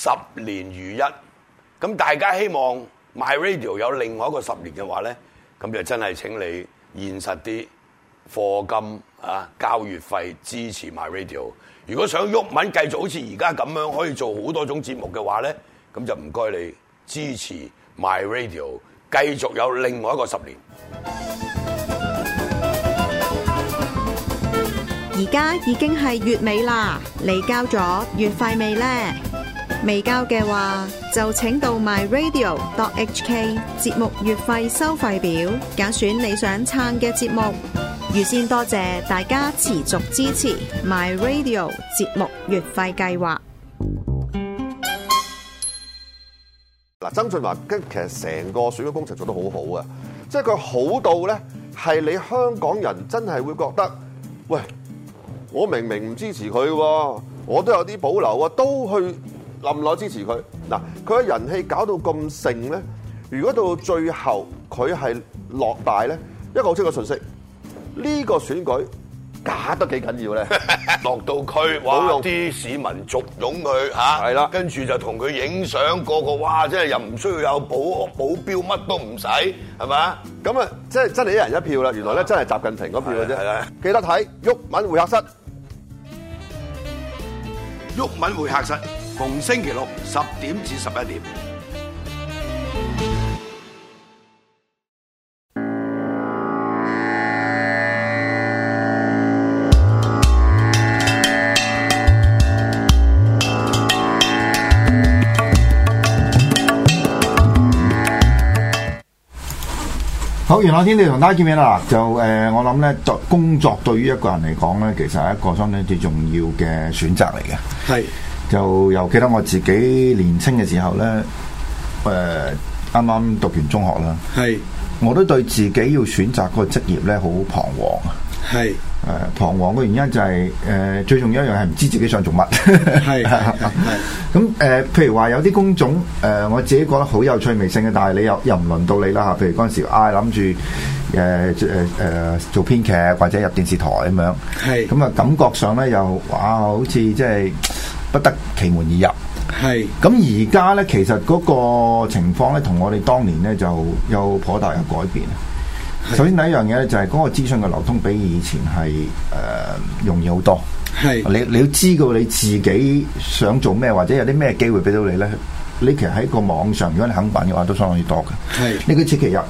十年如一，咁大家希望 My Radio 有另外一個十年嘅話呢，咁就真係請你現實啲，課金啊，交月費支持 My Radio。如果想毓民繼續好似而家咁樣，可以做好多種節目嘅話呢，咁就唔該你支持 My Radio，繼續有另外一個十年。而家已經係月尾啦，你交咗月費未呢？未交嘅話，就請到 myradio.hk 節目月費收費表，揀選你想撐嘅節目。預先多謝，謝大家持續支持 myradio 節目月費計劃。嗱，曾俊華跟其實成個選舉工程做得很好好啊，即係佢好到咧，係你香港人真係會覺得，喂，我明明唔支持佢，我都有啲保留啊，都去，林來支持佢嗱，佢嘅人氣搞到咁盛咧。如果到最後佢係落大咧，一個好清楚嘅信息，呢個選舉假得幾緊要咧？落到區哇，啲市民簇擁佢嚇，係啦，跟住就同佢影相，個個哇，真係又唔需要有保保鏢，乜都唔使，係嘛？咁啊，真係真係一人一票啦。原來咧，真係習近平嗰票嘅啫。係啊，記得睇毓民會客室，毓民會客室。逢星期六十點至十一點。好，玄學天地，你同大家見面啦。就誒，我諗咧，作工作對於一個人嚟講咧，其實係一個相當之重要嘅選擇嚟嘅。係。就又記得我自己年青嘅時候呢，誒啱啱讀完中學啦。係，我都對自己要選擇嗰個職業呢好彷徨啊。係，誒、呃、彷徨嘅原因就係、係、誒、呃、最重要一樣係唔知自己想做乜。係咁誒，譬如話有啲工種誒、呃，我自己覺得好有趣味性嘅，但係你又又唔輪到你啦嚇。譬如嗰陣時，我諗住誒誒做編劇或者入電視台咁樣。係。咁啊，感覺上呢，又哇，好似即係～不得其門而入。係咁而家呢，其實嗰個情況呢，同我哋當年呢，就有頗大嘅改變。首先第一樣嘢呢，就係嗰個資訊嘅流通比以前係誒、呃、容易好多。係，你你要知道你自己想做咩，或者有啲咩機會俾到你呢？你其實喺個網上，如果你肯揾嘅話，都相當之多嘅。係，你嘅星期入。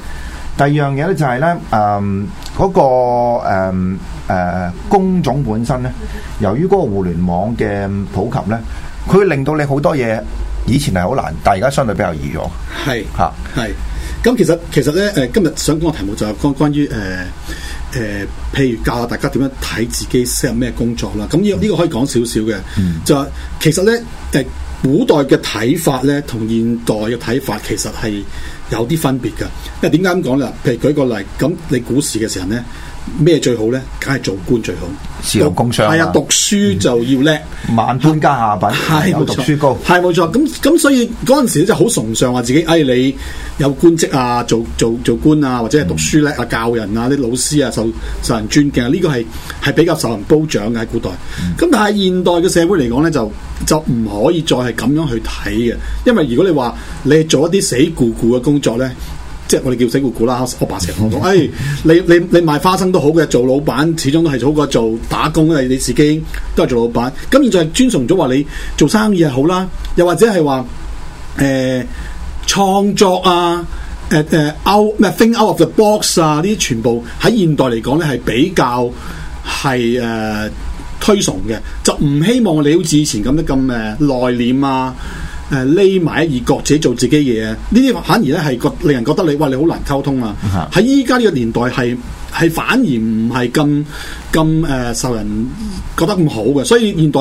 第二樣嘢咧就係、是、咧，誒、嗯、嗰、那個誒、嗯呃、工種本身咧，由於嗰個互聯網嘅普及咧，佢會令到你好多嘢以前係好難，但係而家相對比較易咗。係嚇，咁、啊、其實其實咧，誒今日想講嘅題目就係關關於誒誒、呃呃，譬如教下大家點樣睇自己適合咩工作啦。咁呢呢個可以講少少嘅，嗯、就係其實咧，誒、呃。古代嘅睇法咧，同現代嘅睇法其實係有啲分別嘅，因為點解咁講咧？譬如舉個例，咁你股市嘅時候咧。咩最好咧？梗係做官最好，事有工商。係啊，讀書就要叻、嗯，萬般皆下品，啊、明明有讀書高。係冇錯，咁咁所以嗰陣時咧就好崇尚話自己，哎你有官職啊，做做做官啊，或者係讀書叻啊、嗯，教人啊，啲老師啊受受人尊敬啊，呢、這個係係比較受人褒獎嘅喺古代。咁、嗯、但係現代嘅社會嚟講咧，就就唔可以再係咁樣去睇嘅，因為如果你話你係做一啲死咕咕嘅工作咧。即係我哋叫死活股啦，我白石講講，誒、哎、你你你賣花生都好嘅，做老闆始終都係好過做打工，因為你自己都係做老闆。咁而家就尊崇咗話你做生意係好啦，又或者係話誒創作啊、誒、呃、誒 out 咩 think out of the box 啊，呢啲全部喺現代嚟講咧係比較係誒、呃、推崇嘅，就唔希望你好似以前咁樣咁誒內斂啊。誒匿埋，而各自己做自己嘢，呢啲反而咧係覺，令人覺得你哇，你好難溝通啊。喺依家呢個年代係係反而唔係咁咁誒受人覺得咁好嘅，所以現代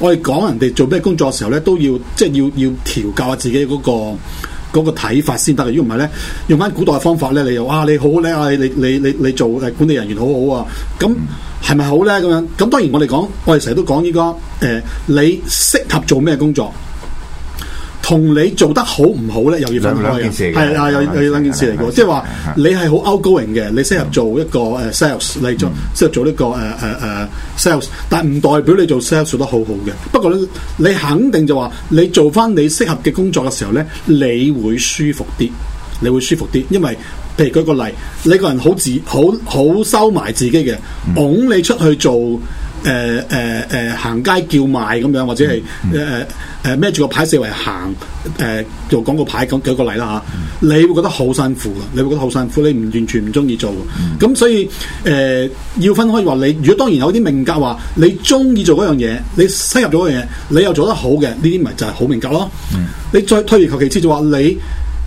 我哋講人哋做咩工作嘅時候咧，都要即係要要調教下自己嗰個嗰個睇法先得。如果唔係咧，用翻古代方法咧，你又啊，你好叻啊！你好好你你你你做誒管理人員好好啊！咁係咪好咧？咁樣咁當然我哋講，我哋成日都講依家誒，你適合做咩工作？同你做得好唔好呢，又要分開嘅，係啊，又又要兩件事嚟嘅，即係話你係好 outgoing 嘅，嗯、你適合做一個 sales，嗯、你做，適合做呢個 sales，嗯、但唔代表你做 sales 做得好好嘅。不過呢，你肯定就話你做翻你適合嘅工作嘅時候呢，你會舒服啲，你會舒服啲，因為譬如舉個例，你個人好自好好收埋自己嘅，㧬你出去做。誒誒誒，行街叫賣咁樣，或者係誒誒孭住個牌四圍行，誒、呃、做廣告牌咁舉個例啦吓、啊嗯，你會覺得好辛苦噶，你會覺得好辛苦，你唔完全唔中意做噶，咁、嗯、所以誒、呃、要分開話，你如果當然有啲命格話，你中意做嗰樣嘢，你適合咗嗰樣嘢，你又做得好嘅，呢啲咪就係好命格咯。嗯、你再退而求其次就話你，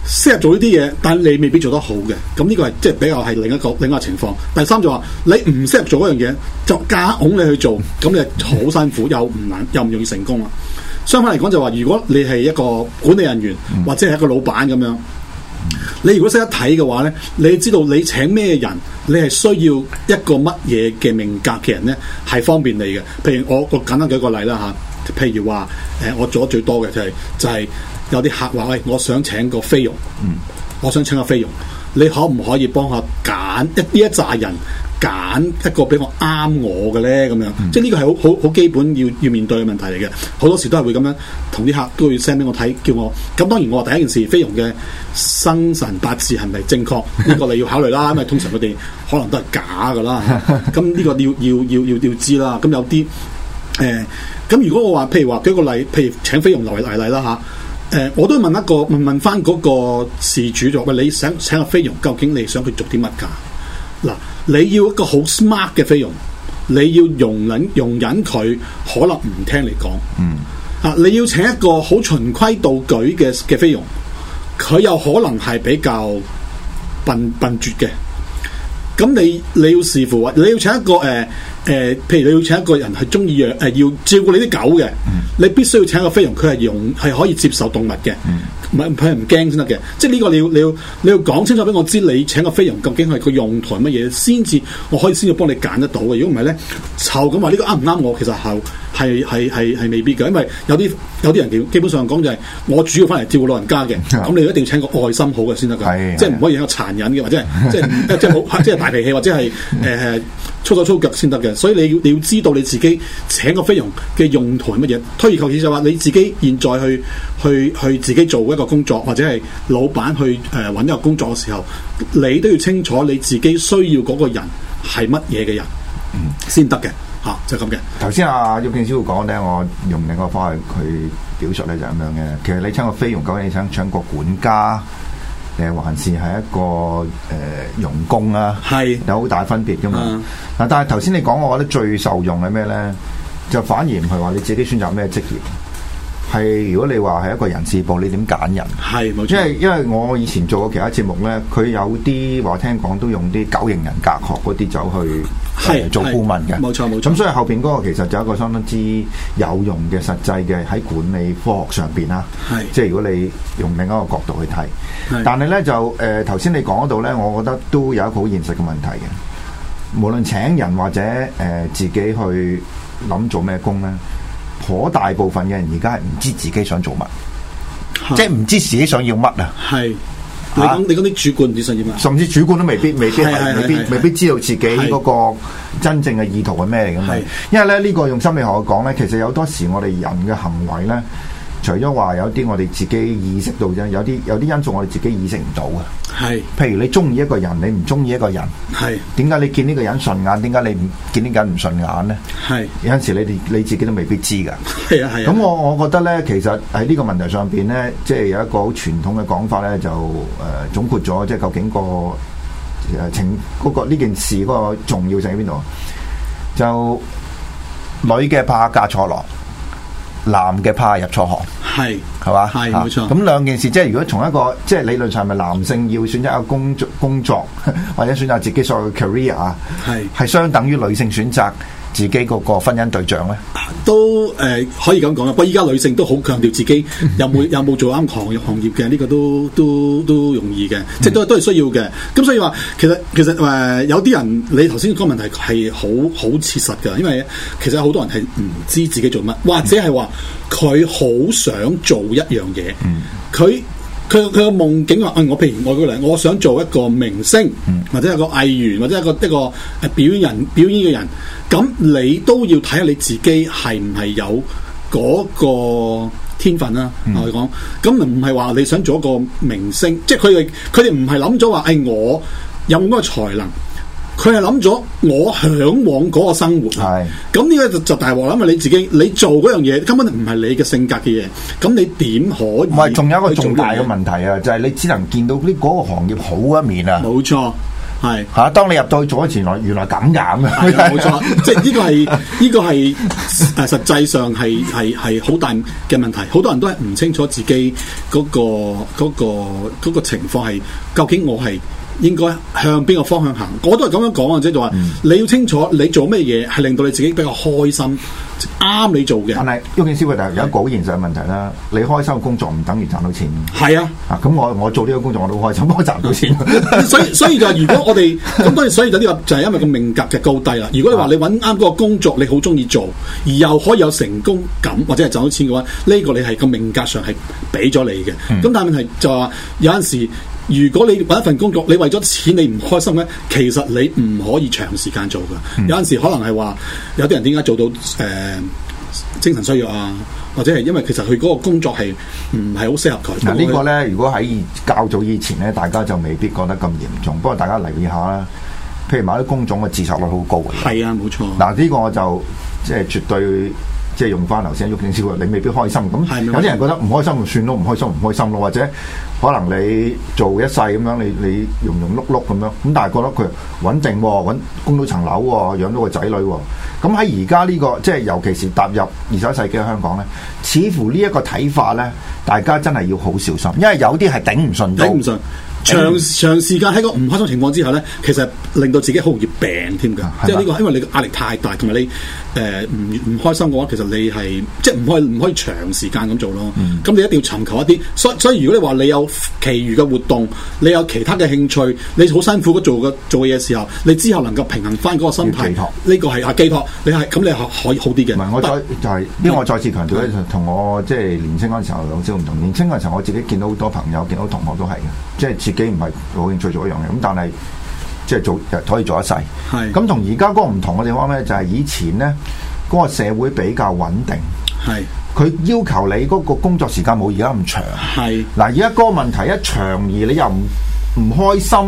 適合做呢啲嘢，但係你未必做得好嘅。咁呢個係即係比較係另一個另外情況。第三就話你唔適合做嗰樣嘢，就夾硬你去做，咁你好辛苦 又唔難又唔容易成功啊。相反嚟講就話，如果你係一個管理人員或者係一個老闆咁樣，你如果識得睇嘅話咧，你知道你請咩人，你係需要一個乜嘢嘅命格嘅人咧，係方便你嘅。譬如我我簡單舉個例啦吓，譬如話誒我做得最多嘅就係、是、就係、是。有啲客話：喂、欸，我想請個菲傭、嗯，我想請個菲傭，你可唔可以幫我揀一啲一紮人揀一個比我啱我嘅咧？咁樣，嗯、即係呢個係好好好基本要要面對嘅問題嚟嘅。好多時都係會咁樣，同啲客都會 send 俾我睇，叫我咁。當然，我話第一件事，菲傭嘅生辰八字係咪正確？呢、呢個你要考慮啦， 因為通常佢哋可能都係假㗎啦。咁 呢個要要要要，要知道啦。咁有啲誒，咁、呃、如果我話，譬如話舉個例，譬如請菲傭嚟嚟例啦嚇。啊誒、呃，我都問一個問問翻嗰個事主咗，喂，你想請個菲傭，究竟你想佢做啲乜㗎？嗱，你要一個好 smart 嘅菲傭，你要容忍容忍佢可能唔聽你講。嗯，啊，你要請一個好循規蹈矩嘅嘅菲傭，佢有可能係比較笨笨拙嘅。咁你你要視乎，你要請一個誒。呃誒、呃，譬如你要請一個人係中意養，誒、呃、要照顧你啲狗嘅、嗯，你必須要請一個菲傭，佢係用係可以接受動物嘅。嗯唔係，佢係唔驚先得嘅。即係呢個你要你要你要講清楚俾我知，你請個菲傭究竟係個用途係乜嘢，先至我可以先至幫你揀得到嘅。如果唔係咧，就咁話呢個啱唔啱我，其實係係係係係未必嘅，因為有啲有啲人基本上講就係我主要翻嚟照顧老人家嘅，咁你一定要請個愛心好嘅先得嘅，即係唔可以有個殘忍嘅或者係 即係即係即係大脾氣或者係誒粗手粗腳先得嘅。所以你要你要知道你自己請個菲傭嘅用途係乜嘢。推而求其次就話你自己現在去去去自己做一個個工作或者係老闆去誒揾，呃、一個工作嘅時候，你都要清楚你自己需要嗰個人係乜嘢嘅人才的，嗯，先得嘅吓，就咁，是，嘅。頭先阿毓証師傅講咧，我用另一個方式去表述咧就咁樣嘅。其實你請個菲傭，究竟你想搶個管家，誒，呃、還是係一個誒傭，呃、工啊？係有好大分別噶嘛？嗱，啊，但係頭先你講我覺得最受用係咩咧？就反而唔係話你自己選擇咩職業。係，如果你話係一個人事部，你點揀人？係，冇錯。因為因為我以前做過其他節目呢，佢有啲話聽講都用啲九型人格學嗰啲走去、呃、做顧問嘅。冇錯，冇錯。咁所以後面嗰個其實就一個相當之有用嘅實際嘅喺管理科學上面啦。即係如果你用另一個角度去睇，但係呢，就誒頭先你講到呢，我覺得都有一個好現實嘅問題嘅。無論請人或者、呃、自己去諗做咩工呢。嗰大部分嘅人而家係唔知自己想做乜，即係唔知自己想要乜啊。係，你講，你講啲主管唔知想要乜？甚至主管都未必未必未必未必，未必知道自己嗰個真正嘅意圖係咩嚟噶嘛？因為咧呢呢個用心理學講咧，其實有多時我哋人嘅行為咧。除咗話有啲我哋自己意識到啫，有啲有啲因素我哋自己意識唔到嘅。係，譬如你中意一個人，你唔中意一個人。係。點解你見呢個人順眼？點解你唔見呢個人唔順眼咧？係。有陣時你哋你自己都未必知㗎。係啊係。咁我我覺得咧，其實喺呢個問題上邊咧，即係有一個好傳統嘅講法咧，就誒總括咗，即係究竟個誒情嗰個呢件事嗰個重要性喺邊度？就女嘅怕嫁錯郎。男嘅怕入錯行，係，係嘛，係冇錯。咁兩件事，即係如果從一個，即係理論上，係咪男性要選擇一個工作工作，或者選擇自己所謂嘅 career 啊，係，係相等於女性選擇。自己嗰個婚姻對象咧，都誒、呃、可以咁講啦。不過，依家女性都好強調自己有冇有冇 做啱行行業嘅呢、呢個都都都容易嘅，即係都都係需要嘅。咁所以話其實其實誒、呃、有啲人你頭先個問題係好好切實㗎，因為其實好多人係唔知自己做乜，或者係話佢好想做一樣嘢，佢佢佢嘅夢境話，誒、哎，我譬如我嗰個，我想做一個明星， 或者一個藝員，或者一個呢個誒表，表演表演嘅人。咁你都要睇下你自己係唔係有嗰個天分啦、啊，嗯、我講，咁唔唔係話你想做一個明星，即係佢哋佢哋唔係諗咗話，係、哎、我有冇嗰個才能，佢係諗咗我向往嗰個生活，咁呢個就大鑊，諗下你自己，你做嗰樣嘢根本唔係你嘅性格嘅嘢，咁你點可以？唔係，仲有一個重大嘅問題啊，就係、是、你只能見到啲嗰個行業好一面啊，冇錯。係、吓、當你入到去咗前來，原來咁㗎咁啊！冇錯， 即係呢個係呢、呢個係，誒實際上係係係好大嘅問題。好多人都係唔清楚自己嗰、嗰、嗰、個嗰個嗰個情況係究竟我係。應該向邊個方向行？我都係咁樣講啊，即係就話、係、你要清楚你做咩嘢係令到你自己比較開心，啱你做嘅。係，但係尤其是有一個好現實嘅問題啦。你開心嘅工作唔等於賺到錢。係啊，啊咁我我做呢個工作我都好開心，不過賺到錢。所以所以就係如果我哋咁當然，所以就呢個 就係因為個命格嘅高低啦。如果你話你揾啱嗰個工作，你好中意做，而又可以有成功感或者係賺到錢嘅話，呢、呢個你係、呢個命格上係俾咗你嘅。咁、嗯、但係就話有陣時。如果你揾一份工作，你為咗錢你唔開心咧，其實你唔可以長時間做㗎、嗯。有陣時可能係話，有啲人點解做到誒、呃、精神衰弱啊，或者係因為其實佢嗰個工作係唔係好適合佢。嗱、這個、呢個咧，如果喺較早以前咧，大家就未必覺得咁嚴重。不過大家留意下啦，譬如某啲工種嘅自殺率好高。嘅。係啊，冇錯。嗱、這、呢個我就即係絕對。即係用翻頭先毓証師傅，你未必開心。咁有啲人覺得唔開心就算咯，唔開心唔開心咯。或者可能你做一世咁樣，你你庸庸碌碌咁樣。咁但係覺得佢穩定喎，揾供到層樓喎，養到個仔女喎。咁喺而家呢個即係尤其是踏入二十一世紀嘅香港咧，似乎呢一個睇法咧，大家真係要好小心，因為有啲係頂唔順到。頂唔順長長時間喺個唔開心情況之下咧，其實。令到自己好容易病添㗎，即係呢個，因為你嘅壓力太大，同埋你誒唔唔開心嘅話，其實你係即係唔可以唔可以長時間咁做咯。咁、嗯、你一定要尋求一啲，所以所以如果你話你有其餘嘅活動，你有其他嘅興趣，你好辛苦做嘅做嘢時候，你之後能夠平衡翻嗰個心態，呢個係阿寄託，你係咁你可以好啲嘅。唔係我再就係、是，因為我再次強調一同我即係、就是、年青嗰陣時候有少唔同。年青嗰陣時候，我自己見到好多朋友，見到同學都係嘅，即、就、係、是、自己唔係好興趣做一樣嘢。咁但係。即係做，又可以做一世。係咁，跟現在不同而家嗰個唔同嘅地方咧，就係以前咧，嗰、嗰個社會比較穩定。係佢要求你嗰個工作時間冇而家咁長。係嗱，而家嗰個問題一長而你又唔唔開心，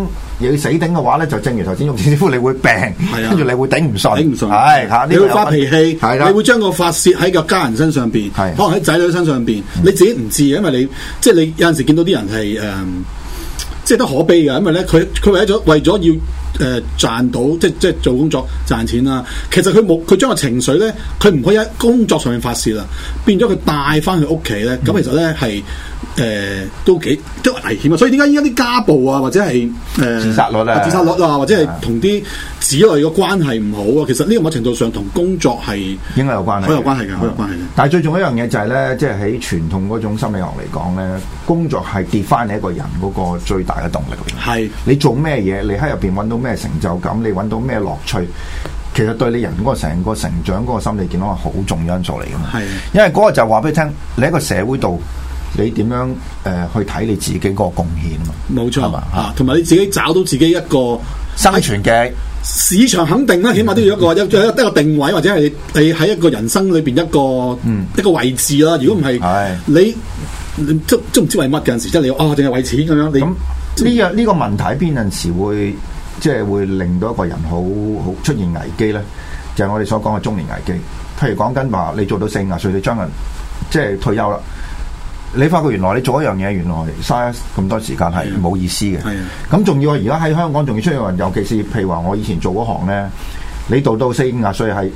又要死頂嘅話咧，就正如頭先毓証師傅，你會病，跟住你會頂唔順，頂唔順。係吓、啊這個，你會發脾氣、啊，你會將個發洩喺個家人身上邊，可能喺仔女身上邊、啊，你自己唔知，因為你即係你有陣時見到啲人係誒。嗯即係都可悲嘅，因為咧，佢佢為咗為咗要誒、呃、賺到，即係即係做工作賺錢啦、啊。其實佢冇佢將個情緒咧，佢唔可以喺工作上面發洩啦，變咗佢帶返去屋企咧。咁其實咧係。誒、呃，都幾都危險啊！所以點解依家啲家暴啊，或者係誒自殺率咧，自殺率啊，率啊或者係同啲子女嘅關係唔好啊，其實呢個某程度上同工作係應該有關係，好有關係嘅，好有關係嘅。但係最重要一樣嘢就係咧，即係喺傳統嗰種心理學嚟講咧，工作係 define 你一個人嗰個最大嘅動力。係你做咩嘢，你喺入邊揾到咩成就感，你揾到咩樂趣？其實對你人嗰個成個成長嗰個心理健康係好重要因素嚟噶嘛。係，因為嗰個就話俾你聽，你喺個社會度。你點樣誒、呃、去睇你自己個貢獻啊？冇錯，吓，同埋你自己找到自己一個生存嘅市場，肯定啦，起碼都要一個一、嗯、一個定位，或者係你喺一個人生裏邊一個、嗯、一個位置啦。如果唔係，係、嗯、你，、嗯、你都都唔知為乜嘅陣時，真係哦，淨係為錢咁樣。咁呢、嗯，這個呢、這個問題邊陣時會即係、就是、會令到一個人好好出現危機咧？就係、是、我哋所講嘅中年危機。譬如講緊話，你做到四啊歲，你將近即係退休啦。你發覺原來你做一樣嘢，原來嘥咁多時間係冇意思嘅。咁仲要我而家喺香港仲要出去，尤其是譬如話我以前做嗰行咧，你到到四五十歲係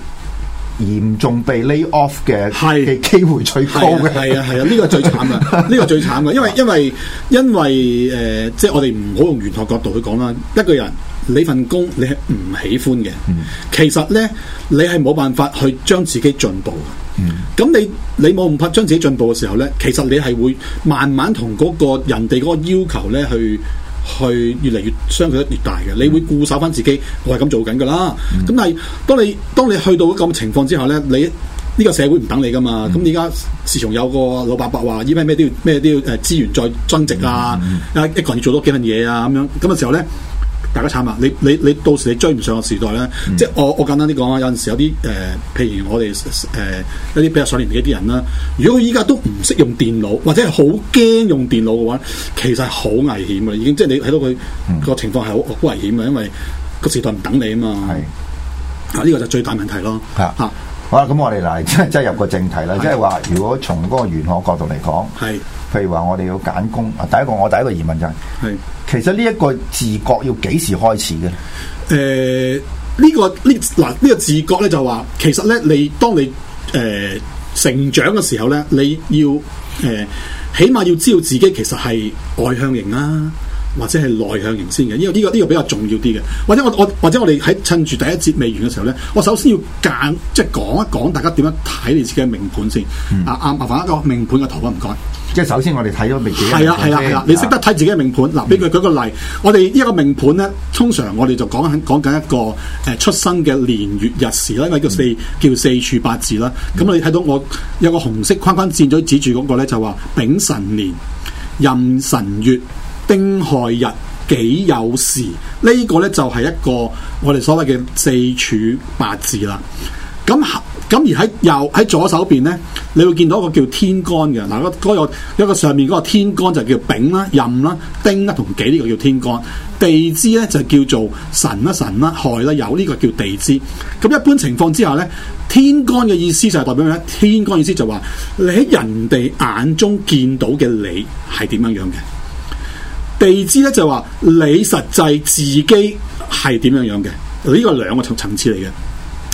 嚴重被 lay off 嘅，嘅機會最高嘅。係啊係啊，呢個最慘啦，呢 個最慘嘅，因為因為因為誒，即係我哋唔好用玄學角度去講啦。一個人你份工你係唔喜歡嘅、嗯，其實咧你係冇辦法去將自己進步。咁、嗯、你你冇唔怕將自己進步嘅時候咧，其實你係會慢慢同嗰個人哋嗰個要求咧，去去越嚟越相距越大嘅。你會固守翻自己，我係咁做緊噶啦。咁、嗯、但係當你當你去到咁情況之下咧，你呢、這個社會唔等你噶嘛。咁而家時常有個老伯伯話，依家，咩都要咩都要誒資源再增值啊，啊、嗯嗯、一個人要做多幾份嘢啊，咁樣咁嘅時候咧。大家慘啊！你你你到時你追唔上個時代咧、嗯，即係我我簡單啲講啊，有陣時候有啲誒、呃，譬如我哋誒一啲比較上年紀啲人啦，如果佢依家都唔識用電腦，或者係好驚用電腦嘅話，其實好危險嘅，已經即係你睇到佢個、嗯、情況係好危險嘅，因為個時代唔等你啊嘛。係啊，呢、呢個就最大問題咯。係啊，好啦，咁我哋嚟即係即係入個正題啦，即係話如果從嗰個玄學角度嚟講。係。譬如話我哋要揀工，啊，第一個我第一個疑問就係、是呃這個這個，其實呢一個自覺要幾時開始嘅？誒，呢個呢嗱，呢個自覺咧就話，其實咧你當你誒、呃、成長嘅時候咧，你要誒、呃，起碼要知道自己其實係外向型啦、啊。或者係內向型先嘅，因為呢個呢、呢個比較重要啲嘅。或者我我或者我哋喺趁住第一節未完嘅時候咧，我首先要講即係講一講大家點樣睇你自己嘅命盤先、嗯。啊，阿麻煩一個命盤嘅圖啊，唔該。即係首先我哋睇咗命盤。係啊係啊係、啊啊、你識得睇自己嘅命盤嗱，俾、嗯、佢舉個例。我哋呢一個命盤咧，通常我哋就講講緊一個誒出生嘅年月日時啦，因為叫四、嗯、叫四柱八字啦。咁、嗯、你睇到我有個紅色框框箭嘴指住嗰個咧，就話丙辰年壬辰月。丁亥日己酉時，呢、這個呢就係一個我哋所謂嘅四柱八字啦。咁咁而喺右喺左手邊呢，你會見到一個叫天干嘅嗱，嗰嗰一個上面嗰個天干就叫丙啦、壬啦、丁啦同己，呢個叫天干，地支呢就叫做神啦、神啦、亥啦、酉，呢個叫地支。咁一般情況之下呢，天干嘅意思就係代表咩呢？天干意思就話你喺人哋眼中見到嘅你係點樣樣嘅。地支咧，就話你實際自己係點樣樣嘅，呢個兩個層層次嚟嘅，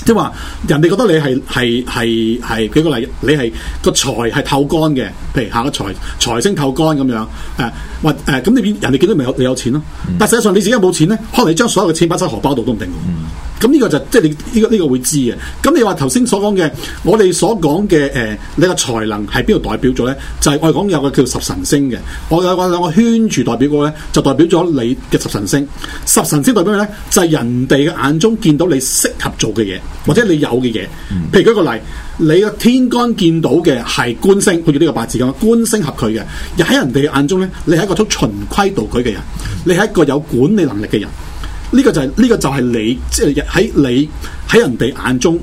即係話人哋覺得你係係係係，舉個例，你係個財係透干嘅，譬如下個財財星透干咁樣，誒或誒咁你人哋見到咪有你有錢咯，啊，但實際上你自己有冇錢咧？可能你將所有嘅錢擺晒荷包度都唔定嘅。嗯咁呢個就即、是、係你呢個呢個會知嘅。咁你話頭先所講嘅，我哋所講嘅、呃、你個才能係邊度代表咗呢？就係、是、我哋講有個叫十神星嘅，我有兩個圈住代表個呢，就代表咗你嘅十神星。十神星代表咩呢？就係、是、人哋嘅眼中見到你適合做嘅嘢，或者你有嘅嘢。譬、嗯、如舉個例，你個天干見到嘅係官星，好似呢個八字咁，官星合佢嘅，又喺人哋嘅眼中呢，你係一個聰循，循規蹈矩嘅人，嗯、你係一個有管理能力嘅人。呢個就係呢個就係你，即係喺你喺人哋眼中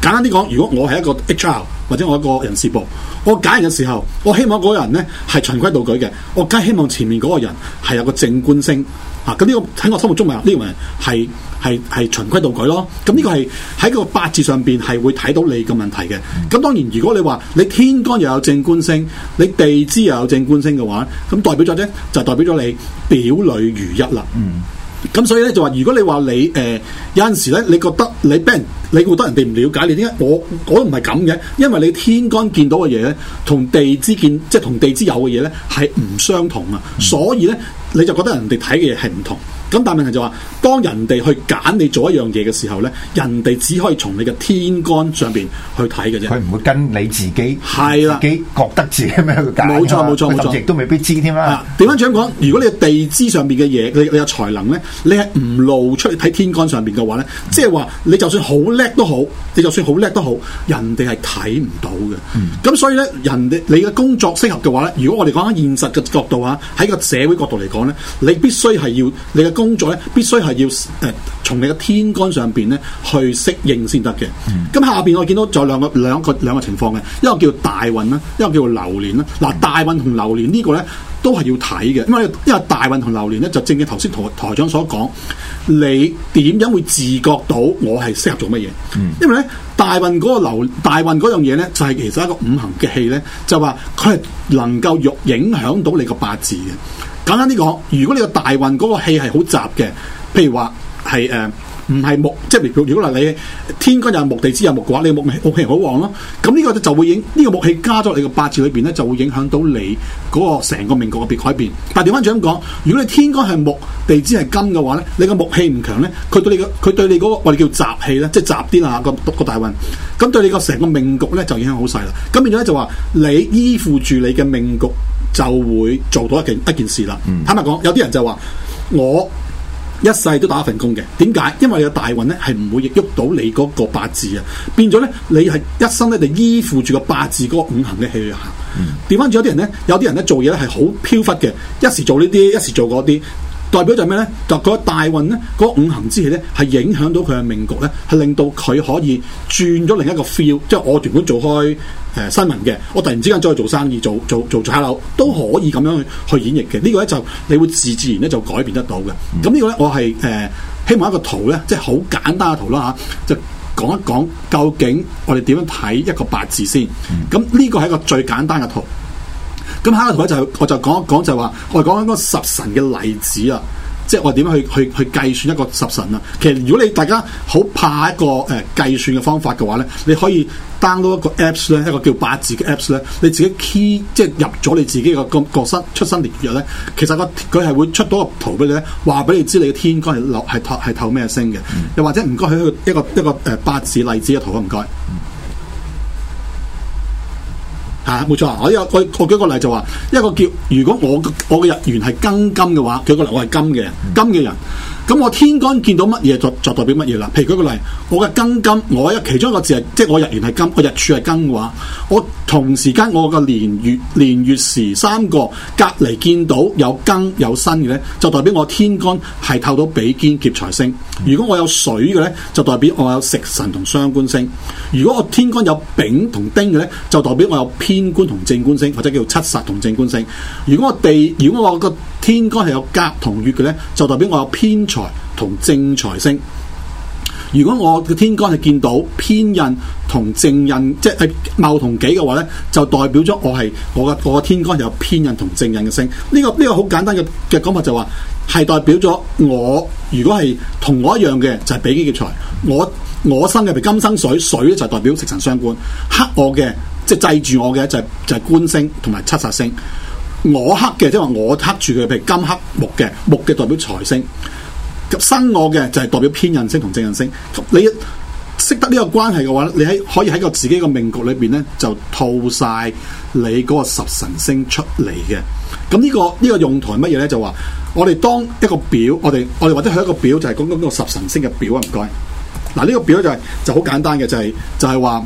簡單啲講，如果我係一個 HR 或者我一個人事部，我揀人嘅時候，我希望嗰個人呢係循規蹈矩嘅，我梗係希望前面嗰個人係有個正官星啊！咁呢個喺我心目中咪呢個人係係係循規蹈矩咯？咁呢個係喺個八字上邊係會睇到你嘅問題嘅。咁當然，如果你話你天干又有正官星，你地支又有正官星嘅話，咁代表咗呢，就代表咗你表裏如一啦。嗯。咁所以咧就話，如果你話你誒、呃、有陣時咧，你覺得你俾人你覺得人哋唔了解你，點解我我都唔係咁嘅，因為你天干見到嘅嘢咧，同地支見即係同地支有嘅嘢咧係唔相同啊，所以咧。你就覺得人哋睇嘅嘢係唔同，咁但係問題就話，當人哋去揀你做一樣嘢嘅時候咧，人哋只可以從你嘅天干上邊去睇嘅啫，佢唔會跟你自己自己覺得自己咩去揀。冇錯冇錯冇錯，亦都未必知添啦、啊。點樣講，如果你地支上邊嘅嘢，你你有才能咧，你係唔露出嚟睇天干上邊嘅話咧，即係話你就算好叻都好，你就算好叻都好，人哋係睇唔到嘅。咁、嗯、所以咧，人哋你嘅工作適合嘅話咧，如果我哋講緊現實嘅角度啊，喺個社會角度嚟講。你必須係要你嘅工作咧，必須係要誒，從、呃、你嘅天干上邊咧去適應先得嘅。咁、嗯、下邊我見到仲有兩個兩個兩個情況嘅，一個叫大運啦，一個叫流年啦。嗱、啊，大運同流年呢個咧都係要睇嘅，因為因為大運同流年咧就正嘅頭先台台長所講，你點樣會自覺到我係適合做乜嘢、嗯？因為咧大運嗰個流大運嗰樣嘢咧就係、是、其實一個五行嘅氣咧，就話佢係能夠若影響到你個八字嘅。簡單啲講，如果你個大運嗰個氣係好雜嘅，譬如話係誒唔係木，即係如果如果嗱你天干又係木，地支又木嘅話，你木木氣好旺咯。咁呢個就會會影呢個木氣加咗你個八字裏邊咧，就會影響到你嗰個成個命局嘅變改變。但係調翻轉咁講，如果你天干係木，地支係金嘅話咧，你個木氣唔強咧，佢對你個佢對你嗰個我哋叫雜氣咧，即係雜啲啊個個大運，咁對你個成個命局咧就影響好細啦。咁變咗咧就話你依附住你嘅命局，就會做到一件一件事啦。坦白講，有啲人就話我一世都打一份工嘅。點解？因為你個大運咧係唔會喐到你嗰個八字啊，變咗咧你係一生咧就依附住個八字嗰個五行嘅氣去行。調翻轉有啲人咧，有啲人咧做嘢咧係好飄忽嘅，一時做呢啲，一時做嗰啲。代表就係咩咧？就嗰、是、個大運咧，嗰、那個、五行之氣咧，係影響到佢嘅命局咧，係令到佢可以轉咗另一個 feel。即係我原本做開誒、呃、新聞嘅，我突然之間再去做生意，做做做炒樓都可以咁樣去去演繹嘅。這個、呢個咧就你會自自然咧就改變得到嘅。咁、嗯、呢個咧我係誒、呃、希望一個圖咧，即係好簡單嘅圖啦嚇、啊，就講一講究竟我哋點樣睇一個八字先。咁、嗯、呢個係一個最簡單嘅圖。咁下個圖就係、我就講一講就係、係、話，我講緊嗰個十神嘅例子啊，即係我點樣去去去計算一個十神啊。其實如果你大家好怕一個誒、呃、計算嘅方法嘅話咧，你可以 download 一個 apps 咧，一個叫八字嘅 apps 咧，你自己 key 即係入咗你自己個個身出生年月咧，其實佢係會出到個圖俾你咧，話俾你知你嘅天干係落係透係透咩星嘅、嗯，又或者唔該喺一個一個一個、呃、八字例子嘅圖啊，唔該。吓、啊，冇錯。啊！我有我我舉個例就話一個叫如果我我嘅日元係庚金嘅話，舉個例我係金嘅金嘅人。咁我天干見到乜嘢就就代表乜嘢啦？譬如舉個例，我嘅庚金，我一其中一個字係即係我日元係金，我日柱係庚嘅話，我同時間我嘅年月年月時三個隔離見到有庚有辛嘅咧，就代表我天干係透到比肩劫財星。如果我有水嘅咧，就代表我有食神同傷官星。如果我天干有丙同丁嘅咧，就代表我有偏官同正官星，或者叫七殺同正官星。如果我地如果我個天干係有甲同乙嘅咧，就代表我有偏。財同正財星。如果我嘅天干係見到偏印同正印，即係戊同己嘅話呢，就代表咗我係我嘅我嘅天干有偏印同正印嘅星。呢、呢個呢、呢個好簡單嘅嘅講法就話係代表咗我。如果係同我一樣嘅就係、是、比劫嘅財。我我生嘅譬如金生水，水咧就代表食神傷官，克我嘅，即、就、係、是、制住我嘅就係、是、就係、是、官星同埋七煞星。我克嘅即係話我克住佢，譬如金克木嘅木嘅代表財星。入生我嘅就係代表偏印星同正印星，你識得呢個關係嘅話，你喺可以喺個自己個命局裏邊咧就套晒你嗰個十神星出嚟嘅。咁呢個呢個用途係乜嘢咧？就話我哋當一個表，我哋我哋或者係一個表，就係講緊個十神星嘅表啊。唔該，嗱呢個表就係就好簡單嘅，就係就係話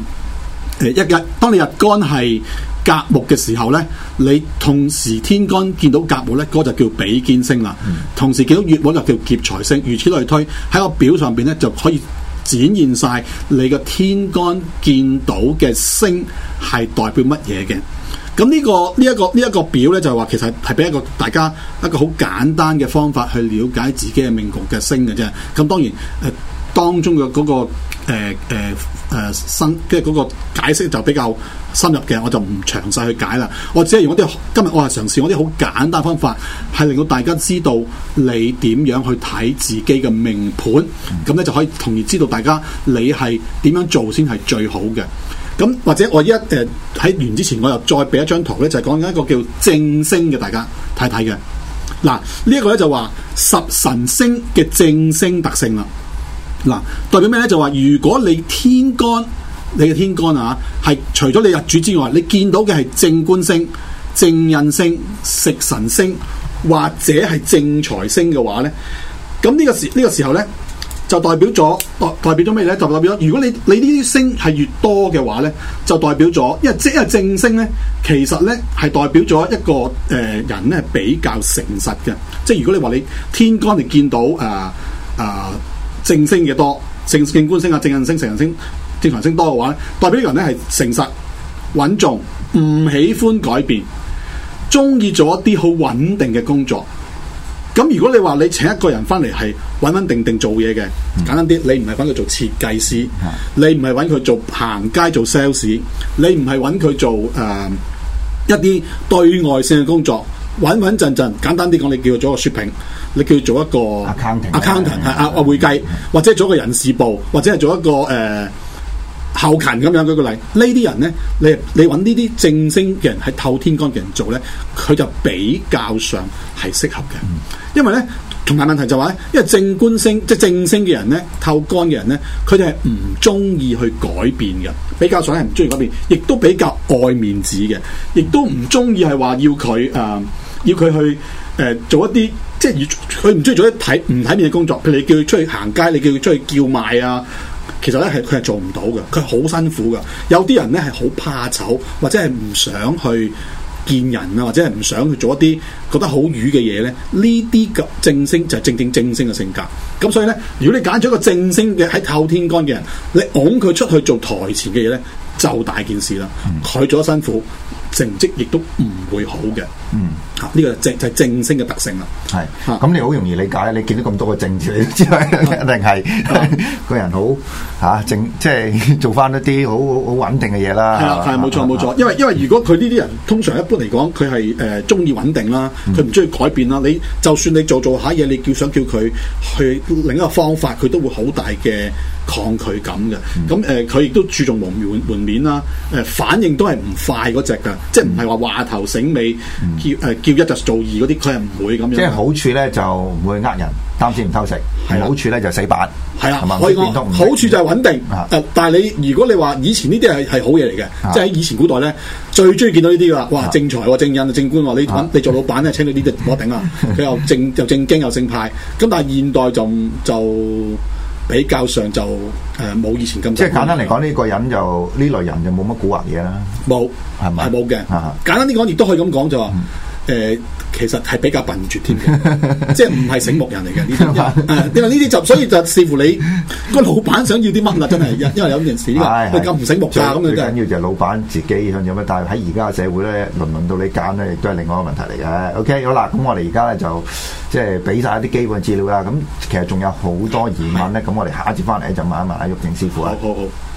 誒，一日當你日干係。甲木嘅時候呢，你同時天干見到甲木呢，嗰就叫比肩星啦。同時見到乙木就叫劫財星。如此類推，喺個表上邊呢，就可以展現晒你個天干見到嘅星係代表乜嘢嘅。咁呢個呢一個呢一個表呢，就係話，其實係俾一個大家一個好簡單嘅方法去了解自己嘅命局嘅星嘅啫。咁當然，誒當中嘅嗰個。誒誒誒深，跟住嗰個解釋就比較深入嘅，我就唔詳細去解啦。我只係用啲今日我係嘗試嗰啲好簡單方法，係令到大家知道你點樣去睇自己嘅命盤，咁、嗯、咧就可以同時知道大家你係點樣做先係最好嘅。咁或者我一誒喺、呃、完之前，我又再俾一張圖咧，就係、是、講緊一個叫正星嘅，大家睇睇嘅。嗱，呢、這、一個咧就話十神星嘅正星特性啦。嗱、啊，代表咩咧？就話如果你天干你嘅天干啊，係除咗你日主之外，你見到嘅係正官星、正印星、食神星或者係正財星嘅話咧，咁呢個時呢、這個時候咧就代表咗代代表咗咩咧？就代表咗如果你你呢啲星係越多嘅話咧，就代表咗，因為即係正星咧，其實咧係代表咗一個誒、呃、人咧係比較誠實嘅。即、就、係、是、如果你話你天干你見到誒誒。呃呃正星嘅多，正正官星啊，正印星、正人星、正常星多嘅話，代表人呢係誠實穩重，唔喜歡改變，中意做一啲好穩定嘅工作。咁如果你話你請一個人返嚟係穩穩定定做嘢嘅、嗯，簡單啲，你唔係搵佢做設計師，你唔係搵佢做行街做 sales，你唔係搵佢做誒、呃、一啲對外性嘅工作。穩穩陣陣，簡單啲講，你叫佢做個 shopping，你叫佢做一個 account，account 係啊會計，或者做一個人事部，或者係做一個誒、呃、後勤咁樣，舉個例，呢啲人咧，你你揾呢啲正星嘅人，喺透天干嘅人做咧，佢就比較上係適合嘅，因為咧，同埋問題就話、是、咧，因為正官星即正星嘅人咧，透乾嘅人咧，佢哋係唔中意去改變嘅，比較上係唔中意改變，亦都比較愛面子嘅，亦都唔中意係話要佢誒、呃要佢去誒、呃、做一啲即係佢唔中意做一啲睇唔睇面嘅工作，譬如你叫佢出去行街，你叫佢出去叫賣啊，其實咧係佢係做唔到嘅，佢係好辛苦嘅。有啲人咧係好怕醜，或者係唔想去見人啊，或者係唔想去做一啲覺得好瘀嘅嘢咧。呢啲嘅正星就係正正正星嘅性格。咁所以咧，如果你揀咗一個正星嘅喺透天干嘅人，你㧬佢出去做台前嘅嘢咧，就大件事啦。佢做得辛苦，成績亦都唔會好嘅。嗯呢、啊，這個就是正就係、是、正升嘅特性啦。係，咁你好容易理解。你見到咁多個政治，你知啦，一定係個人好嚇、啊、正，即、就、係、是、做翻一啲好好好穩定嘅嘢啦。係啊，係冇錯冇錯、啊。因為、嗯、因為如果佢呢啲人通常一般嚟講，佢係誒中意穩定啦，佢唔中意改變啦、嗯。你就算你做做一下嘢，你叫想叫佢去另一個方法，佢都會好大嘅抗拒感嘅。咁、嗯、誒，佢亦、呃、都注重門門面啦。誒、嗯、反應都係唔快嗰隻㗎，即係唔係話話頭醒尾、嗯、叫誒。呃要一就做二嗰啲，佢係唔會咁樣。即係好處咧，就唔會呃人，擔屎唔偷食。係、啊、好處咧就死板。係啦、啊，可以講好處就穩定。啊、但係你如果你話以前呢啲係係好嘢嚟嘅，即係喺以前古代咧，最中意見到呢啲噶啦。哇，正財喎，正印正官喎，你、啊、你做老闆咧，請到呢啲我頂啊！啊又正 又正經又正派。咁但係現代就就比較上就誒冇、呃、以前咁。即係簡單嚟講，呢、呢個人就呢、嗯、類人就冇乜蠱惑嘢啦。冇，係咪？係冇嘅。啊，簡單啲講，亦都可以咁講就。嗯誒、呃，其實係比較笨拙添嘅， 即係唔係醒目人嚟嘅呢啲，因為呢啲就，所以就視乎你個 老闆想要啲乜啦，真係，因為有件事，你夠唔醒目噶咁樣最緊要就係老闆自己向住乜，但係喺而家嘅社會咧，輪、嗯、輪到你揀咧，亦都係另外一個問題嚟嘅。OK，好啦，咁我哋而家咧就即係俾晒一啲基本資料啦。咁其實仲有好多疑問咧，咁我哋下一節翻嚟咧就問一問阿毓証師傅啊。好好好。